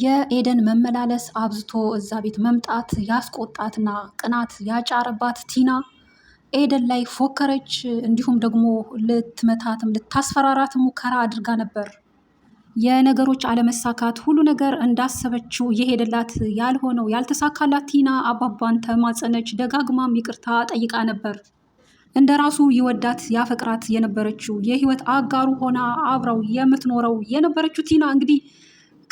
የኤደን መመላለስ አብዝቶ እዛ ቤት መምጣት ያስቆጣትና ቅናት ያጫረባት ቲና ኤደን ላይ ፎከረች። እንዲሁም ደግሞ ልትመታትም ልታስፈራራት ሙከራ አድርጋ ነበር። የነገሮች አለመሳካት ሁሉ ነገር እንዳሰበችው የሄደላት ያልሆነው ያልተሳካላት ቲና አባባን ተማጸነች። ደጋግማም ይቅርታ ጠይቃ ነበር። እንደ ራሱ ይወዳት ያፈቅራት የነበረችው የህይወት አጋሩ ሆና አብረው የምትኖረው የነበረችው ቲና እንግዲህ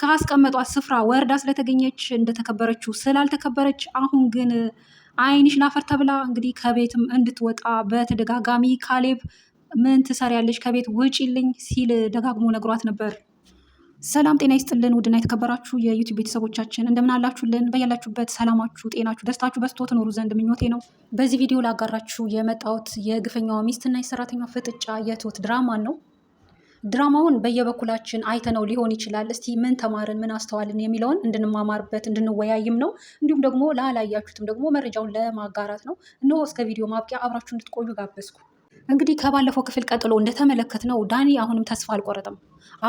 ካስቀመጧት ስፍራ ወርዳ ስለተገኘች እንደተከበረችው ስላልተከበረች አሁን ግን አይንሽ ናፈር ተብላ እንግዲህ ከቤትም እንድትወጣ በተደጋጋሚ ካሌብ ምን ትሰሪያለሽ? ከቤት ውጪልኝ ሲል ደጋግሞ ነግሯት ነበር። ሰላም ጤና ይስጥልን ውድና የተከበራችሁ የዩቲዩብ ቤተሰቦቻችን እንደምን አላችሁልን? በያላችሁበት ሰላማችሁ፣ ጤናችሁ፣ ደስታችሁ በስቶ ትኖሩ ዘንድ ምኞቴ ነው። በዚህ ቪዲዮ ላጋራችሁ የመጣሁት የግፈኛዋ ሚስትና የሰራተኛ ፍጥጫ የትሁት ድራማን ነው። ድራማውን በየበኩላችን አይተነው ሊሆን ይችላል። እስቲ ምን ተማርን፣ ምን አስተዋልን የሚለውን እንድንማማርበት እንድንወያይም ነው። እንዲሁም ደግሞ ላላያችሁትም ደግሞ መረጃውን ለማጋራት ነው። እነሆ እስከ ቪዲዮ ማብቂያ አብራችሁ እንድትቆዩ ጋበዝኩ። እንግዲህ ከባለፈው ክፍል ቀጥሎ እንደተመለከትነው ዳኒ አሁንም ተስፋ አልቆረጠም።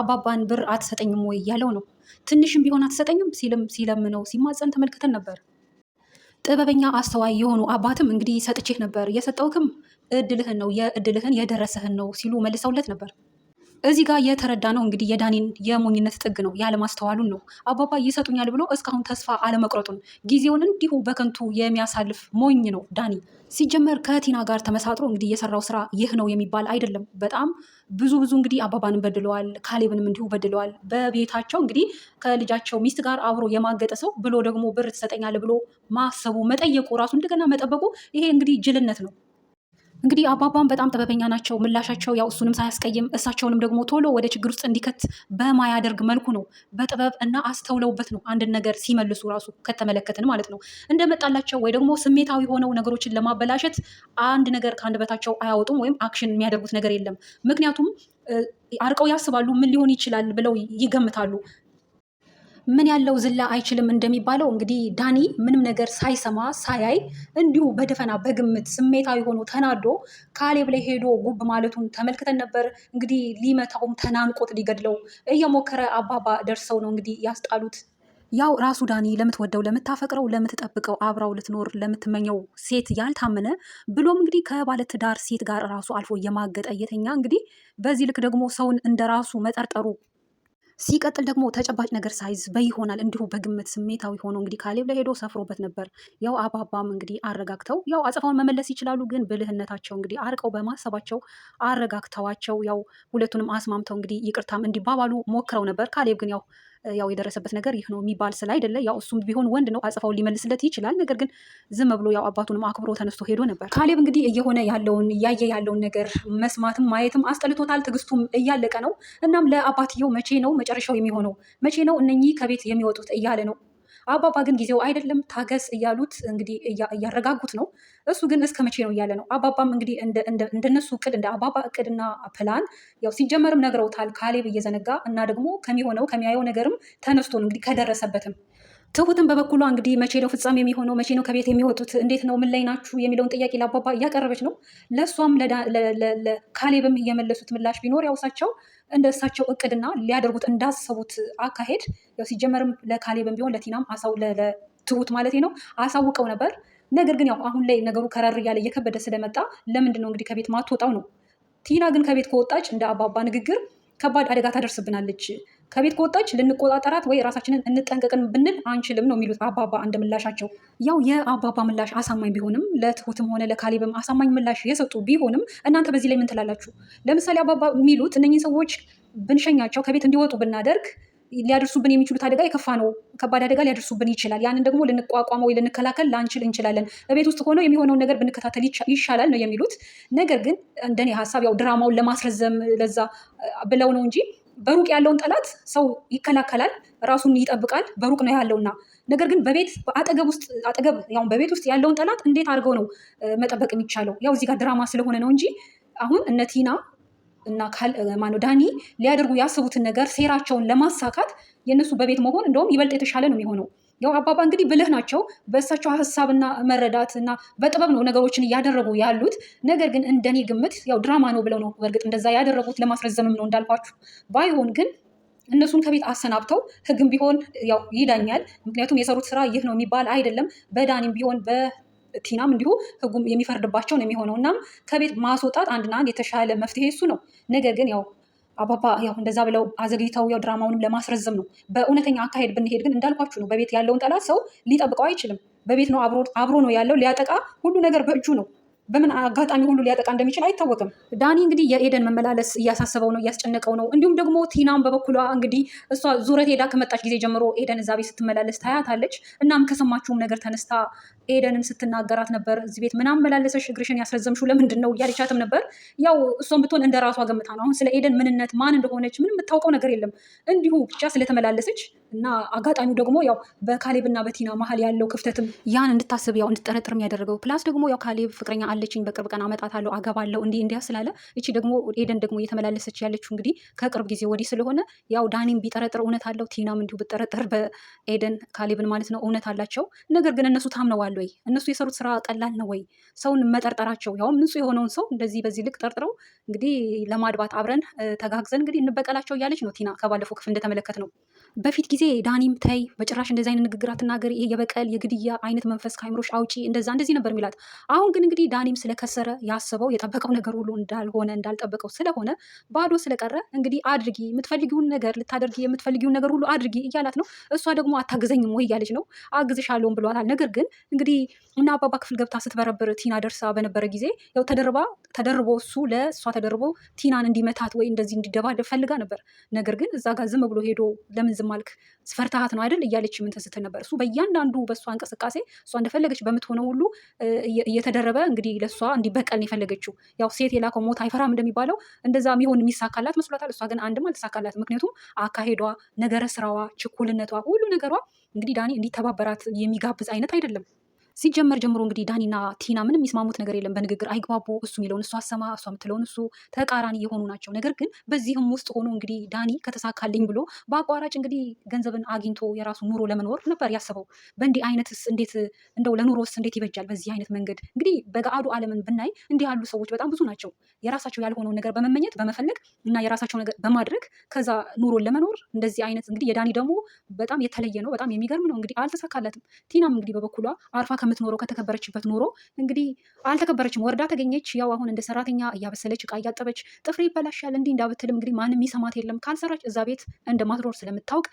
አባባን ብር አትሰጠኝም ወይ ያለው ነው። ትንሽም ቢሆን አትሰጠኝም ሲልም ሲለምነው ሲማፀን ተመልክተን ነበር። ጥበበኛ አስተዋይ የሆኑ አባትም እንግዲህ ሰጥቼህ ነበር የሰጠውክም እድልህን ነው የእድልህን የደረሰህን ነው ሲሉ መልሰውለት ነበር። እዚህ ጋር የተረዳ ነው እንግዲህ የዳኒን የሞኝነት ጥግ ነው ያለማስተዋሉን ነው። አባባ ይሰጡኛል ብሎ እስካሁን ተስፋ አለመቁረጡን ጊዜውን እንዲሁ በከንቱ የሚያሳልፍ ሞኝ ነው ዳኒ። ሲጀመር ከቲና ጋር ተመሳጥሮ እንግዲህ የሰራው ስራ ይህ ነው የሚባል አይደለም። በጣም ብዙ ብዙ እንግዲህ አባባንም በድለዋል፣ ካሌብንም እንዲሁ በድለዋል። በቤታቸው እንግዲህ ከልጃቸው ሚስት ጋር አብሮ የማገጠ ሰው ብሎ ደግሞ ብር ትሰጠኛል ብሎ ማሰቡ መጠየቁ ራሱ እንደገና መጠበቁ ይሄ እንግዲህ ጅልነት ነው። እንግዲህ አባባም በጣም ጥበበኛ ናቸው። ምላሻቸው ያው እሱንም ሳያስቀይም እሳቸውንም ደግሞ ቶሎ ወደ ችግር ውስጥ እንዲከት በማያደርግ መልኩ ነው። በጥበብ እና አስተውለውበት ነው አንድን ነገር ሲመልሱ ራሱ ከተመለከትን ማለት ነው። እንደመጣላቸው ወይ ደግሞ ስሜታዊ ሆነው ነገሮችን ለማበላሸት አንድ ነገር ከአንደበታቸው አያወጡም ወይም አክሽን የሚያደርጉት ነገር የለም። ምክንያቱም አርቀው ያስባሉ። ምን ሊሆን ይችላል ብለው ይገምታሉ። ምን ያለው ዝላ አይችልም እንደሚባለው እንግዲህ ዳኒ ምንም ነገር ሳይሰማ ሳያይ እንዲሁ በደፈና በግምት ስሜታዊ ሆኖ ተናዶ ካሌብ ላይ ሄዶ ጉብ ማለቱን ተመልክተን ነበር። እንግዲህ ሊመታውም ተናንቆት ሊገድለው እየሞከረ አባባ ደርሰው ነው እንግዲህ ያስጣሉት። ያው ራሱ ዳኒ ለምትወደው ለምታፈቅረው ለምትጠብቀው አብራው ልትኖር ለምትመኘው ሴት ያልታመነ ብሎም እንግዲህ ከባለትዳር ሴት ጋር ራሱ አልፎ የማገጠ የተኛ እንግዲህ በዚህ ልክ ደግሞ ሰውን እንደ ራሱ መጠርጠሩ ሲቀጥል ደግሞ ተጨባጭ ነገር ሳይዝ በይሆናል እንዲሁ በግምት ስሜታዊ ሆኖ እንግዲህ ካሌብ ላይ ሄዶ ሰፍሮበት ነበር። ያው አባባም እንግዲህ አረጋግተው ያው አጸፋውን መመለስ ይችላሉ፣ ግን ብልህነታቸው እንግዲህ አርቀው በማሰባቸው አረጋግተዋቸው ያው ሁለቱንም አስማምተው እንግዲህ ይቅርታም እንዲባባሉ ሞክረው ነበር። ካሌብ ግን ያው ያው የደረሰበት ነገር ይህ ነው የሚባል አይደለ ያው እሱም ቢሆን ወንድ ነው አጽፋውን ሊመልስለት ይችላል። ነገር ግን ዝም ብሎ ያው አባቱንም አክብሮ ተነስቶ ሄዶ ነበር። ካሌብ እንግዲህ እየሆነ ያለውን እያየ ያለውን ነገር መስማትም ማየትም አስጠልቶታል። ትዕግስቱም እያለቀ ነው። እናም ለአባትየው መቼ ነው መጨረሻው የሚሆነው? መቼ ነው እነኚህ ከቤት የሚወጡት? እያለ ነው አባባ ግን ጊዜው አይደለም ታገስ እያሉት እንግዲህ እያረጋጉት ነው። እሱ ግን እስከ መቼ ነው እያለ ነው። አባባም እንግዲህ እንደነሱ እቅድ እንደ አባባ እቅድና ፕላን ያው ሲጀመርም ነግረውታል ካሌብ እየዘነጋ እና ደግሞ ከሚሆነው ከሚያየው ነገርም ተነስቶ እንግዲህ ከደረሰበትም ትሁትም በበኩሏ እንግዲህ መቼ ነው ፍጻሜ የሚሆነው? መቼ ነው ከቤት የሚወጡት? እንዴት ነው? ምን ላይ ናችሁ? የሚለውን ጥያቄ ለአባባ እያቀረበች ነው። ለእሷም ካሌብም የመለሱት ምላሽ ቢኖር ያው እሳቸው እንደ እሳቸው እቅድና ሊያደርጉት እንዳሰቡት አካሄድ ያው ሲጀመርም ለካሌብም ቢሆን ለቲናም አሳው ለትሁት ማለት ነው አሳውቀው ነበር። ነገር ግን ያው አሁን ላይ ነገሩ ከረር እያለ እየከበደ ስለመጣ ለምንድን ነው እንግዲህ ከቤት ማትወጣው ነው። ቲና ግን ከቤት ከወጣች እንደ አባባ ንግግር ከባድ አደጋ ታደርስብናለች ከቤት ከወጣች ልንቆጣጠራት ወይ ራሳችንን እንጠንቀቅን ብንል አንችልም ነው የሚሉት አባባ እንደ ምላሻቸው። ያው የአባባ ምላሽ አሳማኝ ቢሆንም ለትሁትም ሆነ ለካሌብም አሳማኝ ምላሽ የሰጡ ቢሆንም እናንተ በዚህ ላይ ምን ትላላችሁ? ለምሳሌ አባባ የሚሉት እነኚህ ሰዎች ብንሸኛቸው ከቤት እንዲወጡ ብናደርግ ሊያደርሱብን የሚችሉት አደጋ የከፋ ነው። ከባድ አደጋ ሊያደርሱብን ይችላል። ያንን ደግሞ ልንቋቋመው ወይ ልንከላከል ላንችል እንችላለን። በቤት ውስጥ ሆነው የሚሆነውን ነገር ብንከታተል ይሻላል ነው የሚሉት። ነገር ግን እንደኔ ሀሳብ ያው ድራማውን ለማስረዘም ለዛ ብለው ነው እንጂ በሩቅ ያለውን ጠላት ሰው ይከላከላል፣ ራሱን ይጠብቃል፣ በሩቅ ነው ያለውና። ነገር ግን በቤት አጠገብ ውስጥ አጠገብ ያው በቤት ውስጥ ያለውን ጠላት እንዴት አድርገው ነው መጠበቅ የሚቻለው? ያው እዚህ ጋር ድራማ ስለሆነ ነው እንጂ አሁን እነ ቲና እና ማነ ዳኒ ሊያደርጉ ያስቡትን ነገር ሴራቸውን ለማሳካት የእነሱ በቤት መሆን እንደውም ይበልጥ የተሻለ ነው የሚሆነው። ያው አባባ እንግዲህ ብልህ ናቸው። በእሳቸው ሀሳብና መረዳት እና በጥበብ ነው ነገሮችን እያደረጉ ያሉት። ነገር ግን እንደኔ ግምት ያው ድራማ ነው ብለው ነው በእርግጥ እንደዛ ያደረጉት ለማስረዘምም ነው እንዳልኳችሁ። ባይሆን ግን እነሱን ከቤት አሰናብተው ህግም ቢሆን ያው ይዳኛል። ምክንያቱም የሰሩት ስራ ይህ ነው የሚባል አይደለም። በዳኒም ቢሆን በ ቲናም እንዲሁ ህጉም የሚፈርድባቸው ነው የሚሆነው። እናም ከቤት ማስወጣት አንድና አንድ የተሻለ መፍትሄ እሱ ነው። ነገር ግን ያው አባባ ያው እንደዛ ብለው አዘግይተው ያው ድራማውንም ለማስረዘም ነው። በእውነተኛ አካሄድ ብንሄድ ግን እንዳልኳችሁ ነው። በቤት ያለውን ጠላት ሰው ሊጠብቀው አይችልም። በቤት ነው አብሮ ነው ያለው። ሊያጠቃ ሁሉ ነገር በእጁ ነው። በምን አጋጣሚ ሁሉ ሊያጠቃ እንደሚችል አይታወቅም። ዳኒ እንግዲህ የኤደን መመላለስ እያሳሰበው ነው፣ እያስጨነቀው ነው። እንዲሁም ደግሞ ቲናም በበኩሏ እንግዲህ እሷ ዙረት ሄዳ ከመጣች ጊዜ ጀምሮ ኤደን እዛ ቤት ስትመላለስ ታያታለች። እናም ከሰማችውም ነገር ተነስታ ኤደንን ስትናገራት ነበር። እዚህ ቤት ምናምን መላለሰሽ እግርሽን ያስረዘምሽው ለምንድን ነው እያለቻትም ነበር። ያው እሷም ብትሆን እንደ ራሷ ገምታ ነው። አሁን ስለ ኤደን ምንነት ማን እንደሆነች ምንም የምታውቀው ነገር የለም። እንዲሁ ብቻ ስለተመላለሰች እና አጋጣሚው ደግሞ ያው በካሌብ እና በቲና መሀል ያለው ክፍተትም ያን እንድታስብ ያው እንድጠረጥርም ያደረገው ፕላስ ደግሞ ያው ካሌብ ፍቅረኛ አለ አለችኝ በቅርብ ቀን አመጣታለሁ፣ አገባለሁ እንዲህ እንዲያ ስላለ እቺ ደግሞ ኤደን ደግሞ እየተመላለሰች ያለችው እንግዲህ ከቅርብ ጊዜ ወዲህ ስለሆነ ያው ዳኒም ቢጠረጥር እውነት አለው፣ ቲናም እንዲሁ ብጠረጥር በኤደን ካሌብን ማለት ነው እውነት አላቸው። ነገር ግን እነሱ ታምነዋል ወይ? እነሱ የሰሩት ስራ ቀላል ነው ወይ? ሰውን መጠርጠራቸው ያውም ንጹሕ የሆነውን ሰው እንደዚህ በዚህ ልክ ጠርጥረው እንግዲህ ለማድባት አብረን ተጋግዘን እንግዲህ እንበቀላቸው እያለች ነው ቲና ከባለፈው ክፍል እንደተመለከት ነው። በፊት ጊዜ ዳኒም ተይ በጭራሽ እንደዚህ አይነት ንግግር አትናገር፣ ይሄ የበቀል የግድያ አይነት መንፈስ ከአይምሮሽ አውጪ እንደዛ እንደዚህ ነበር የሚላት። አሁን ግን እንግዲህ ዳኒ ኢኮኖሚም ስለከሰረ ያሰበው የጠበቀው ነገር ሁሉ እንዳልሆነ እንዳልጠበቀው ስለሆነ ባዶ ስለቀረ እንግዲህ አድርጊ የምትፈልጊውን ነገር ልታደርጊ የምትፈልጊውን ነገር ሁሉ አድርጊ እያላት ነው። እሷ ደግሞ አታግዘኝም ወይ እያለች ነው። አግዝሻለሁም ብሏታል። ነገር ግን እንግዲህ እና አባባ ክፍል ገብታ ስትበረብር ቲና ደርሳ በነበረ ጊዜ ያው ተደርባ ተደርቦ እሱ ለእሷ ተደርቦ ቲናን እንዲመታት ወይ እንደዚህ እንዲደባደብ ፈልጋ ነበር። ነገር ግን እዛ ጋር ዝም ብሎ ሄዶ ለምን ዝም አልክ ስፈርታሃት ነው አይደል እያለች ምን ስትል ነበር። እሱ በእያንዳንዱ በእሷ እንቅስቃሴ እሷ እንደፈለገች በምትሆነው ሁሉ እየተደረበ እንግዲህ ለእሷ እንዲበቀል የፈለገችው። ያው ሴት የላከው ሞት አይፈራም እንደሚባለው እንደዛ ሚሆን የሚሳካላት መስሏታል። እሷ ግን አንድም አልተሳካላት። ምክንያቱም አካሄዷ፣ ነገረ ስራዋ፣ ችኩልነቷ፣ ሁሉ ነገሯ እንግዲህ ዳኒ እንዲተባበራት የሚጋብዝ አይነት አይደለም። ሲጀመር ጀምሮ እንግዲህ ዳኒና ቲና ምንም የሚስማሙት ነገር የለም። በንግግር አይግባቡ። እሱ የሚለውን እሱ አሰማ፣ እሷ የምትለውን እሱ ተቃራኒ የሆኑ ናቸው። ነገር ግን በዚህም ውስጥ ሆኖ እንግዲህ ዳኒ ከተሳካልኝ ብሎ በአቋራጭ እንግዲህ ገንዘብን አግኝቶ የራሱ ኑሮ ለመኖር ነበር ያሰበው። በእንዲህ አይነትስ እንዴት እንደው ለኑሮስ እንዴት ይበጃል? በዚህ አይነት መንገድ እንግዲህ በገአዱ ዓለምን ብናይ እንዲህ ያሉ ሰዎች በጣም ብዙ ናቸው። የራሳቸው ያልሆነውን ነገር በመመኘት በመፈለግ እና የራሳቸው ነገር በማድረግ ከዛ ኑሮን ለመኖር እንደዚህ አይነት እንግዲህ የዳኒ ደግሞ በጣም የተለየ ነው። በጣም የሚገርም ነው። እንግዲህ አልተሳካለትም። ቲናም እንግዲህ በበኩሏ አርፋ ከምትኖረው ከተከበረችበት ኑሮ እንግዲህ አልተከበረችም። ወርዳ ተገኘች። ያው አሁን እንደ ሰራተኛ እያበሰለች እቃ እያጠበች ጥፍር ይበላሻል እንዲህ እንዳብትልም እንግዲህ ማንም ይሰማት የለም። ካልሰራች እዛ ቤት እንደማትኖር ስለምታውቅ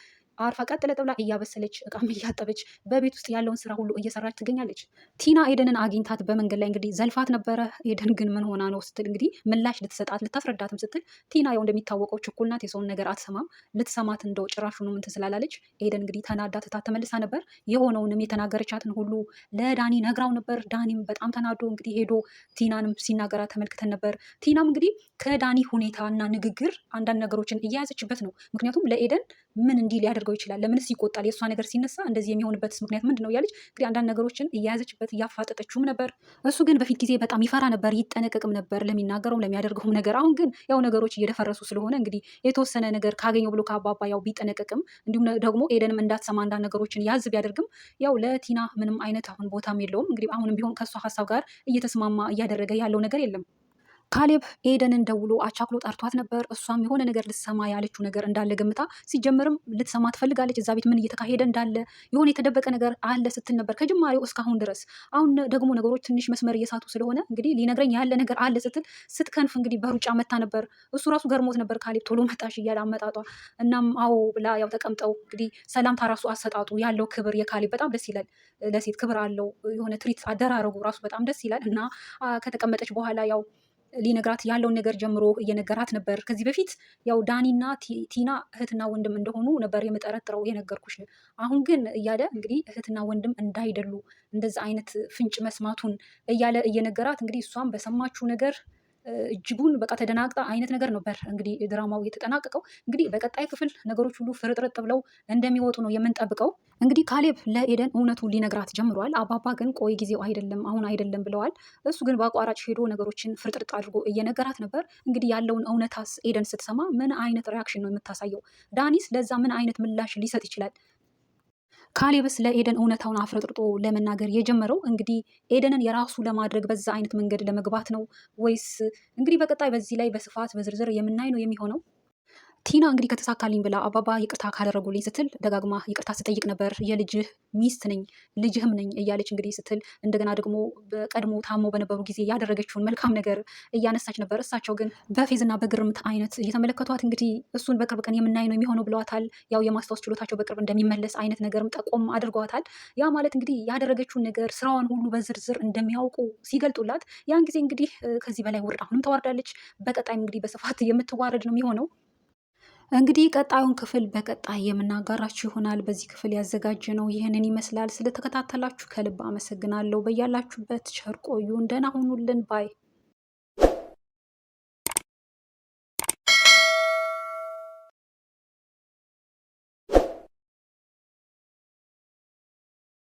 አርፋ ቀጥለ ጥብላ እያበሰለች እቃም እያጠበች በቤት ውስጥ ያለውን ስራ ሁሉ እየሰራች ትገኛለች። ቲና ኤደንን አግኝታት በመንገድ ላይ እንግዲህ ዘልፋት ነበረ። ኤደን ግን ምን ሆና ነው ስትል እንግዲህ ምላሽ ልትሰጣት ልታስረዳትም ስትል ቲና ያው እንደሚታወቀው ችኩል ናት፣ የሰውን ነገር አትሰማም። ልትሰማት እንደው ጭራሹኑ እንትን ስላላለች ኤደን እንግዲህ ተናዳ ትታት ተመልሳ ነበር። የሆነውንም የተናገረቻትን ሁሉ ለዳኒ ነግራው ነበር። ዳኒም በጣም ተናዶ እንግዲህ ሄዶ ቲናንም ሲናገራት ተመልክተን ነበር። ቲናም እንግዲህ ከዳኒ ሁኔታ እና ንግግር አንዳንድ ነገሮችን እያያዘችበት ነው። ምክንያቱም ለኤደን ምን እንዲህ ሊያደርግ ሊያደርገው ይችላል? ለምንስ ይቆጣል? የእሷ ነገር ሲነሳ እንደዚህ የሚሆንበትስ ምክንያት ምንድን ነው? እያለች እንግዲህ አንዳንድ ነገሮችን እያያዘችበት እያፋጠጠችውም ነበር። እሱ ግን በፊት ጊዜ በጣም ይፈራ ነበር፣ ይጠነቀቅም ነበር ለሚናገረውም ለሚያደርገውም ነገር። አሁን ግን ያው ነገሮች እየደፈረሱ ስለሆነ እንግዲህ የተወሰነ ነገር ካገኘው ብሎ ከአባባ ያው ቢጠነቀቅም እንዲሁም ደግሞ ኤደንም እንዳትሰማ አንዳንድ ነገሮችን ያዝ ቢያደርግም ያው ለቲና ምንም አይነት አሁን ቦታም የለውም። እንግዲህ አሁንም ቢሆን ከእሷ ሀሳብ ጋር እየተስማማ እያደረገ ያለው ነገር የለም። ካሌብ ኤደንን ደውሎ አቻክሎ ጠርቷት ነበር። እሷም የሆነ ነገር ልትሰማ ያለችው ነገር እንዳለ ገምታ፣ ሲጀምርም ልትሰማ ትፈልጋለች፣ እዛ ቤት ምን እየተካሄደ እንዳለ የሆነ የተደበቀ ነገር አለ ስትል ነበር ከጅማሬው እስካሁን ድረስ። አሁን ደግሞ ነገሮች ትንሽ መስመር እየሳቱ ስለሆነ እንግዲህ ሊነግረኝ ያለ ነገር አለ ስትል ስትከንፍ እንግዲህ በሩጫ መታ ነበር። እሱ ራሱ ገርሞት ነበር ካሌብ ቶሎ መጣሽ እያለ አመጣጧ። እናም አዎ ብላ ያው ተቀምጠው እንግዲህ ሰላምታ ራሱ አሰጣጡ ያለው ክብር የካሌብ በጣም ደስ ይላል። ለሴት ክብር አለው የሆነ ትሪት አደራረጉ ራሱ በጣም ደስ ይላል እና ከተቀመጠች በኋላ ያው ሊነግራት ያለውን ነገር ጀምሮ እየነገራት ነበር። ከዚህ በፊት ያው ዳኒና ቲና እህትና ወንድም እንደሆኑ ነበር የምጠረጥረው የነገርኩሽ። አሁን ግን እያለ እንግዲህ እህትና ወንድም እንዳይደሉ እንደዛ አይነት ፍንጭ መስማቱን እያለ እየነገራት እንግዲህ እሷም በሰማችው ነገር እጅጉን በቃ ተደናግጣ አይነት ነገር ነበር እንግዲህ ድራማው የተጠናቀቀው። እንግዲህ በቀጣይ ክፍል ነገሮች ሁሉ ፍርጥርጥ ብለው እንደሚወጡ ነው የምንጠብቀው። እንግዲህ ካሌብ ለኤደን እውነቱ ሊነግራት ጀምሯል። አባባ ግን ቆይ ጊዜው አይደለም አሁን አይደለም ብለዋል። እሱ ግን በአቋራጭ ሄዶ ነገሮችን ፍርጥርጥ አድርጎ እየነገራት ነበር። እንግዲህ ያለውን እውነታስ ኤደን ስትሰማ ምን አይነት ሪያክሽን ነው የምታሳየው? ዳኒስ ለዛ ምን አይነት ምላሽ ሊሰጥ ይችላል? ካሌብስ ለኤደን እውነታውን አፍረጥርጦ ለመናገር የጀመረው እንግዲህ ኤደንን የራሱ ለማድረግ በዛ አይነት መንገድ ለመግባት ነው ወይስ እንግዲህ በቀጣይ በዚህ ላይ በስፋት በዝርዝር የምናይ ነው የሚሆነው። ቲና እንግዲህ ከተሳካልኝ ብላ አባባ ይቅርታ ካደረጉልኝ ስትል ደጋግማ ይቅርታ ስጠይቅ ነበር። የልጅህ ሚስት ነኝ ልጅህም ነኝ እያለች እንግዲህ ስትል እንደገና ደግሞ በቀድሞ ታሞ በነበሩ ጊዜ ያደረገችውን መልካም ነገር እያነሳች ነበር። እሳቸው ግን በፌዝና በግርምት አይነት እየተመለከቷት እንግዲህ እሱን በቅርብ ቀን የምናይ ነው የሚሆነው ብለዋታል። ያው የማስታወስ ችሎታቸው በቅርብ እንደሚመለስ አይነት ነገርም ጠቆም አድርገዋታል። ያ ማለት እንግዲህ ያደረገችውን ነገር ስራዋን ሁሉ በዝርዝር እንደሚያውቁ ሲገልጡላት ያን ጊዜ እንግዲህ ከዚህ በላይ ውርድ አሁንም ተዋርዳለች። በቀጣይም እንግዲህ በስፋት የምትዋረድ ነው የሚሆነው። እንግዲህ ቀጣዩን ክፍል በቀጣይ የምናጋራችሁ ይሆናል። በዚህ ክፍል ያዘጋጀ ነው ይህንን ይመስላል። ስለተከታተላችሁ ከልብ አመሰግናለሁ። በያላችሁበት ቸር ቆዩ። ደህና ሁኑልን ባይ